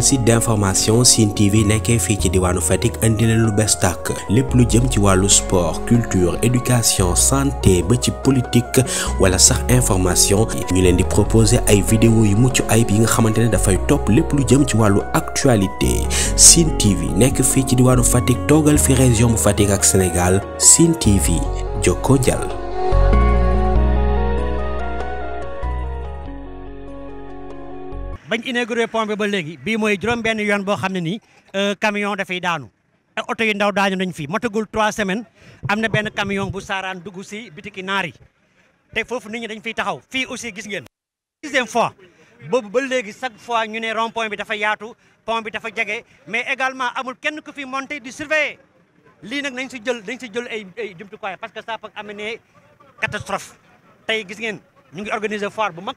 site d'information sin TV qu'un fichier ci diwanu Fatick andi leen lu bees tàkk plus lu jëm ci sport culture éducation santé ba ci politique wala sax information ñu leen di proposer ay vidéo yu muccu ay bi nga xamantene le top top lepp lu jëm ci walu actualité sin TV nek fi ci diwanu Fatick togal fi région bu ak Sénégal TV joko bañ inauguré pont bi ba léegi bii mooy juróom benn yoon boo xam ne nii euh, camion dafay daanu ay oto yu ndaw daañu nañ fii matagul trois semaines am na benn camion bu saaraan dugg si bitiki naar yi te foofu nit ñi dañ fiy taxaw fii aussi gis ngeen sixième fois boobu ba léegi chaque fois ñu ne rond bi dafa yaatu pont bi dafa jege mais également amul kenn ku fi monté di surveiller lii nag nañ si jël dañ si jël ay jumtukaay parce que saa ça peut amener catastrophe tey gis ngeen ñu ngi organiser foire bu mag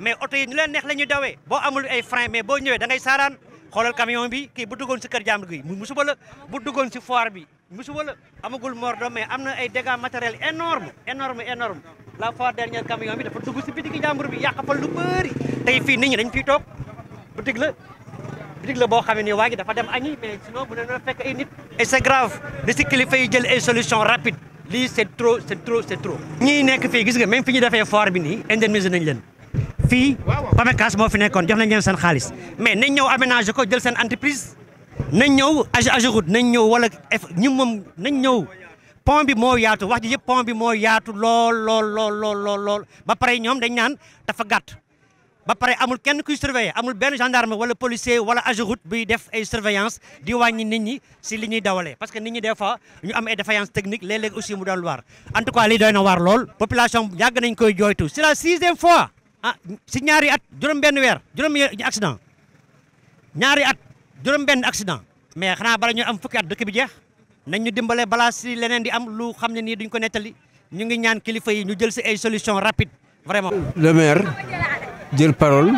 mais oto yi ñu leen neex la ñuy dawee boo amul ay frein mais boo ñëwee da ngay saaraan xoolal camion bi kii bu duggoon si kër jàmbur gi musuba la bu duggoon si foire bi musuba la amagul mort d'homme mais am na ay dégâts matériel énorme énorme énorme la fois dernière camion bi dafa dugg si bitigi jàmbur bi yàq fa lu bëri tey fii nit ñi dañ fiy toog bitig la bitig la boo xamee ni waa gi dafa dem añi mais sinon bu ne na fekk ay nit et c'est grave di si kilifa yi jël solution rapide lii c'est trop c'est trop c'est trop ñii gis nga même fi ñu defee foire bi nii indemniser nañ leen fii PAMECAS moo fi nekkoon jox nañ leen seen xaalis mais nañ ñëw aménager ko jël seen entreprise nañ ñëw Ageroute nañ ñëw wala ñu moom nañ ñëw pont bi moo yaatu wax ji yëpp pont bi moo yaatu lool lool lool lool lool ba pare ñoom dañ naan dafa gàtt ba pare amul kenn ku surveiller amul benn gendarme wala policier wala Ageroute buy def ay surveillance di wàññi nit ñi si li ñuy dawalee parce que nit ñi des fois ñu am ay défaillance technique léeg-léeg aussi mu doon waar en tout cas lii doy na waar lool population yàgg nañ koy jooytu ah si ñaari at juróom-benn weer juróom accident ñaari at juróom accident mais xanaa bala ñu am fukki at dëkk bi jeex nañ ñu dimbale balaa si leneen di am lu xam ne nii duñ ko nettali ñu ngi ñaan kilifa yi ñu jël si ay solution rapide vraiment. le maire jël parole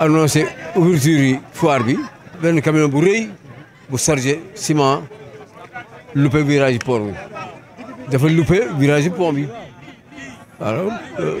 annoncé ouverture yi foire bi. benn camion bu rëy bu chargé ciment loupé virage pont bi dafa loupé virage pont bi euh,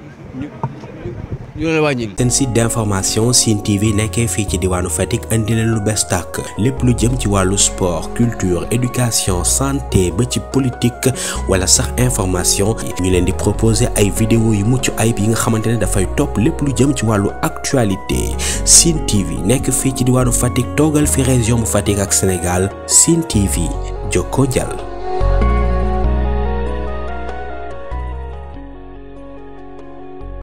seen site d'information Cine TV n'est qu'un ci diwaanu Fatick indi leen lu bees tàkk lépp lu jëm ci sport culture éducation santé ba ci politique wala sax information ñu leen di proposer ay vidéo et mucc à yi nga d'affaires top. dafay plus lépp lu jëm ci wàllu actualité Sine TV nekk fii ci diwaanu Fatick toogal fi région bu Fatick ak Sénégal Cine TV jokkoo